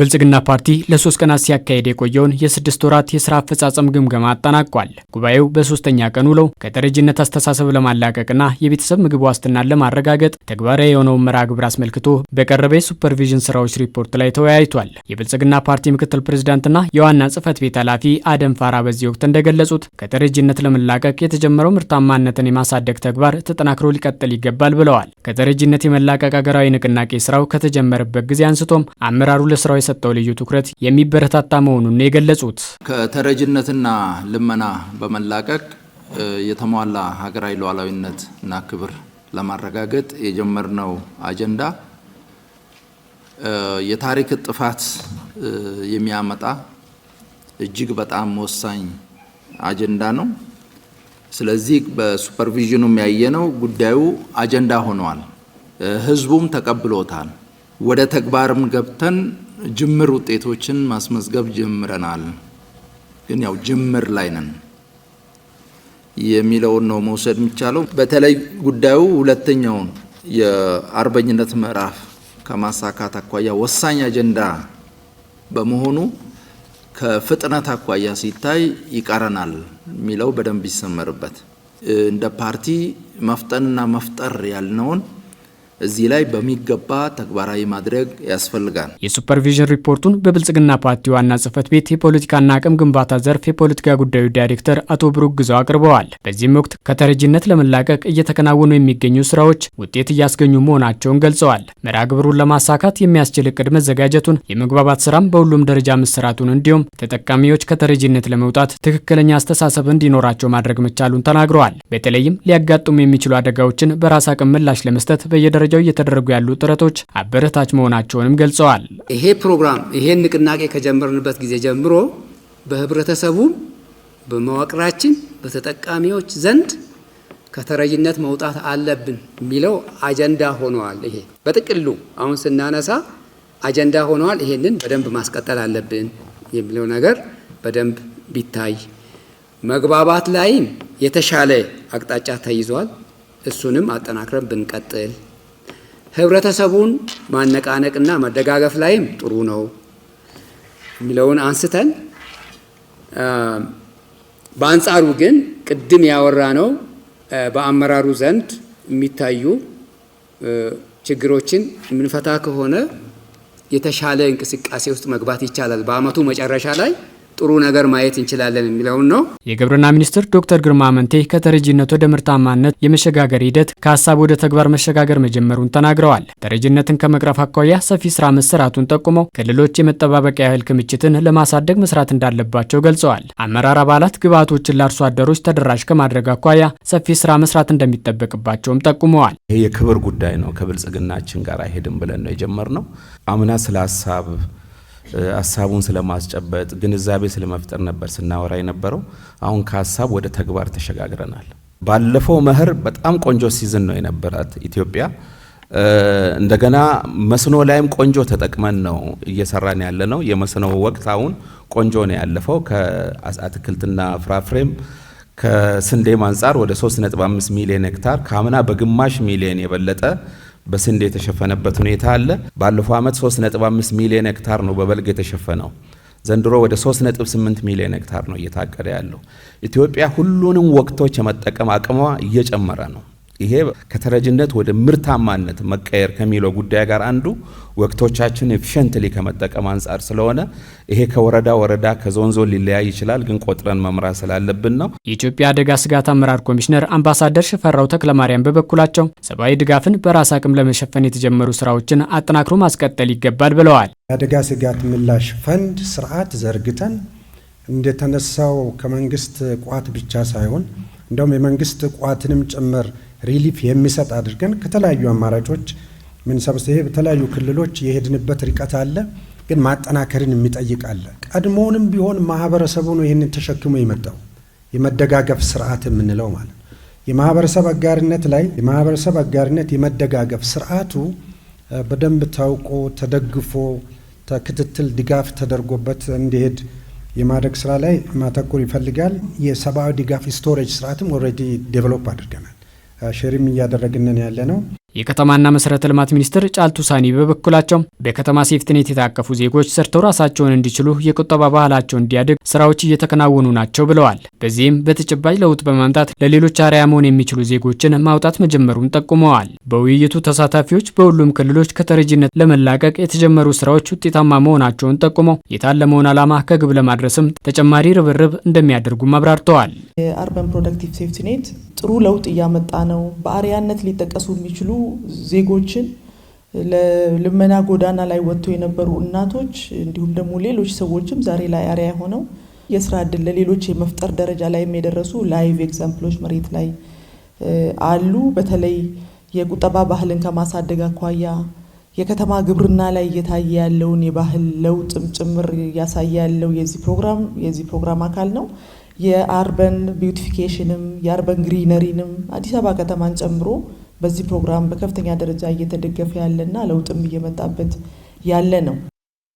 ብልጽግና ፓርቲ ለሶስት ቀናት ሲያካሄድ የቆየውን የስድስት ወራት የስራ አፈጻጸም ግምገማ አጠናቋል። ጉባኤው በሶስተኛ ቀን ውለው ከተረጂነት አስተሳሰብ ለማላቀቅና የቤተሰብ ምግብ ዋስትናን ለማረጋገጥ ተግባራዊ የሆነውን መርሃ ግብር አስመልክቶ በቀረበ የሱፐርቪዥን ስራዎች ሪፖርት ላይ ተወያይቷል። የብልጽግና ፓርቲ ምክትል ፕሬዝዳንትና የዋና ጽህፈት ቤት ኃላፊ አደም ፋራ በዚህ ወቅት እንደገለጹት ከተረጂነት ለመላቀቅ የተጀመረው ምርታማነትን የማሳደግ ተግባር ተጠናክሮ ሊቀጥል ይገባል ብለዋል። ከተረጂነት የመላቀቅ ሀገራዊ ንቅናቄ ስራው ከተጀመረበት ጊዜ አንስቶም አመራሩ ለስራው የተሰጠው ልዩ ትኩረት የሚበረታታ መሆኑን የገለጹት ከተረጅነትና ልመና በመላቀቅ የተሟላ ሀገራዊ ሉዓላዊነት እና ክብር ለማረጋገጥ የጀመርነው አጀንዳ የታሪክ ጥፋት የሚያመጣ እጅግ በጣም ወሳኝ አጀንዳ ነው። ስለዚህ በሱፐርቪዥኑም ያየነው ጉዳዩ አጀንዳ ሆኗል። ህዝቡም ተቀብሎታል። ወደ ተግባርም ገብተን ጅምር ውጤቶችን ማስመዝገብ ጀምረናል። ግን ያው ጅምር ላይ ነን የሚለውን ነው መውሰድ የሚቻለው። በተለይ ጉዳዩ ሁለተኛውን የአርበኝነት ምዕራፍ ከማሳካት አኳያ ወሳኝ አጀንዳ በመሆኑ ከፍጥነት አኳያ ሲታይ ይቀረናል የሚለው በደንብ ይሰመርበት። እንደ ፓርቲ መፍጠንና መፍጠር ያልነውን እዚህ ላይ በሚገባ ተግባራዊ ማድረግ ያስፈልጋል። የሱፐርቪዥን ሪፖርቱን በብልጽግና ፓርቲ ዋና ጽህፈት ቤት የፖለቲካና አቅም ግንባታ ዘርፍ የፖለቲካ ጉዳዮች ዳይሬክተር አቶ ብሩክ ግዛው አቅርበዋል። በዚህም ወቅት ከተረጂነት ለመላቀቅ እየተከናወኑ የሚገኙ ስራዎች ውጤት እያስገኙ መሆናቸውን ገልጸዋል። መርሃ ግብሩን ለማሳካት የሚያስችል እቅድ መዘጋጀቱን፣ የመግባባት ስራም በሁሉም ደረጃ መሰራቱን እንዲሁም ተጠቃሚዎች ከተረጂነት ለመውጣት ትክክለኛ አስተሳሰብ እንዲኖራቸው ማድረግ መቻሉን ተናግረዋል። በተለይም ሊያጋጥሙ የሚችሉ አደጋዎችን በራስ አቅም ምላሽ ለመስጠት በየደረ በየደረጃው እየተደረጉ ያሉ ጥረቶች አበረታች መሆናቸውንም ገልጸዋል። ይሄ ፕሮግራም ይሄን ንቅናቄ ከጀመርንበት ጊዜ ጀምሮ በህብረተሰቡም በመዋቅራችን በተጠቃሚዎች ዘንድ ከተረጅነት መውጣት አለብን የሚለው አጀንዳ ሆነዋል። ይሄ በጥቅሉ አሁን ስናነሳ አጀንዳ ሆነዋል። ይሄንን በደንብ ማስቀጠል አለብን የሚለው ነገር በደንብ ቢታይ፣ መግባባት ላይም የተሻለ አቅጣጫ ተይዟል። እሱንም አጠናክረን ብንቀጥል ህብረተሰቡን ማነቃነቅና መደጋገፍ ላይም ጥሩ ነው የሚለውን አንስተን በአንጻሩ ግን ቅድም ያወራ ነው በአመራሩ ዘንድ የሚታዩ ችግሮችን የምንፈታ ከሆነ የተሻለ እንቅስቃሴ ውስጥ መግባት ይቻላል። በአመቱ መጨረሻ ላይ ጥሩ ነገር ማየት እንችላለን የሚለውን ነው። የግብርና ሚኒስትር ዶክተር ግርማ አመንቴ ከተረጂነት ወደ ምርታማነት የመሸጋገር ሂደት ከሀሳብ ወደ ተግባር መሸጋገር መጀመሩን ተናግረዋል። ተረጂነትን ከመቅረፍ አኳያ ሰፊ ስራ መሰራቱን ጠቁመው ክልሎች የመጠባበቂያ እህል ክምችትን ለማሳደግ መስራት እንዳለባቸው ገልጸዋል። አመራር አባላት ግብዓቶችን ለአርሶ አደሮች ተደራሽ ከማድረግ አኳያ ሰፊ ስራ መስራት እንደሚጠበቅባቸውም ጠቁመዋል። ይህ የክብር ጉዳይ ነው፣ ከብልጽግናችን ጋር አይሄድም ብለን ነው የጀመርነው። አምና ስለ ሀሳብ ሀሳቡን ስለማስጨበጥ ግንዛቤ ስለመፍጠር ነበር ስናወራ የነበረው። አሁን ከሀሳብ ወደ ተግባር ተሸጋግረናል። ባለፈው መኸር በጣም ቆንጆ ሲዝን ነው የነበራት ኢትዮጵያ። እንደገና መስኖ ላይም ቆንጆ ተጠቅመን ነው እየሰራን ያለ ነው። የመስኖ ወቅት አሁን ቆንጆ ነው ያለፈው። ከአትክልትና ፍራፍሬም ከስንዴም አንጻር ወደ 3.5 ሚሊዮን ሄክታር ከአምና በግማሽ ሚሊዮን የበለጠ በስንዴ የተሸፈነበት ሁኔታ አለ። ባለፈው ዓመት 3.5 ሚሊዮን ሄክታር ነው በበልግ የተሸፈነው። ዘንድሮ ወደ 3.8 ሚሊዮን ሄክታር ነው እየታቀደ ያለው። ኢትዮጵያ ሁሉንም ወቅቶች የመጠቀም አቅሟ እየጨመረ ነው። ይሄ ከተረጅነት ወደ ምርታማነት መቀየር ከሚለው ጉዳይ ጋር አንዱ ወቅቶቻችን ኤፊሸንትሊ ከመጠቀም አንጻር ስለሆነ ይሄ ከወረዳ ወረዳ ከዞን ዞን ሊለያይ ይችላል፣ ግን ቆጥረን መምራት ስላለብን ነው። የኢትዮጵያ አደጋ ስጋት አመራር ኮሚሽነር አምባሳደር ሽፈራው ተክለማርያም በበኩላቸው ሰብአዊ ድጋፍን በራስ አቅም ለመሸፈን የተጀመሩ ስራዎችን አጠናክሮ ማስቀጠል ይገባል ብለዋል። የአደጋ ስጋት ምላሽ ፈንድ ስርዓት ዘርግተን እንደተነሳው ከመንግስት ቋት ብቻ ሳይሆን እንደውም የመንግስት ቋትንም ጭምር ሪሊፍ የሚሰጥ አድርገን ከተለያዩ አማራጮች ምን ሰብስ ይሄ በተለያዩ ክልሎች የሄድንበት ርቀት አለ፣ ግን ማጠናከርን የሚጠይቅ አለ። ቀድሞውንም ቢሆን ማህበረሰቡ ነው ይህንን ተሸክሞ የመጣው የመደጋገፍ ስርዓት የምንለው ማለት የማህበረሰብ አጋርነት ላይ የማህበረሰብ አጋርነት የመደጋገፍ ስርዓቱ በደንብ ታውቆ ተደግፎ ክትትል ድጋፍ ተደርጎበት እንዲሄድ የማድረግ ስራ ላይ ማተኮር ይፈልጋል። የሰብአዊ ድጋፍ ስቶሬጅ ስርዓትም ኦልሬዲ ዴቨሎፕ አድርገናል። ሼርም እያደረግንን ያለ ነው። የከተማና መሰረተ ልማት ሚኒስትር ጫልቱ ሳኒ በበኩላቸው በከተማ ሴፍትኔት የታቀፉ ዜጎች ሰርተው ራሳቸውን እንዲችሉ የቁጠባ ባህላቸው እንዲያድግ ስራዎች እየተከናወኑ ናቸው ብለዋል። በዚህም በተጨባጭ ለውጥ በማምጣት ለሌሎች አርያ መሆን የሚችሉ ዜጎችን ማውጣት መጀመሩን ጠቁመዋል። በውይይቱ ተሳታፊዎች በሁሉም ክልሎች ከተረጂነት ለመላቀቅ የተጀመሩ ስራዎች ውጤታማ መሆናቸውን ጠቁመው የታለመውን ዓላማ ከግብ ለማድረስም ተጨማሪ ርብርብ እንደሚያደርጉም አብራርተዋል። የአርበን ፕሮደክቲቭ ሴፍትኔት ጥሩ ለውጥ እያመጣ ነው። በአርያነት ሊጠቀሱ የሚችሉ ዜጎችን ለልመና ጎዳና ላይ ወጥቶ የነበሩ እናቶች እንዲሁም ደግሞ ሌሎች ሰዎችም ዛሬ ላይ አርአያ ሆነው የስራ እድል ለሌሎች የመፍጠር ደረጃ ላይ የደረሱ ላይቭ ኤግዛምፕሎች መሬት ላይ አሉ። በተለይ የቁጠባ ባህልን ከማሳደግ አኳያ የከተማ ግብርና ላይ እየታየ ያለውን የባህል ለውጥም ጭምር እያሳየ ያለው የዚህ ፕሮግራም የዚህ ፕሮግራም አካል ነው። የአርበን ቢዩቲፊኬሽንም የአርበን ግሪነሪንም አዲስ አበባ ከተማን ጨምሮ በዚህ ፕሮግራም በከፍተኛ ደረጃ እየተደገፈ ያለና ለውጥም እየመጣበት ያለ ነው።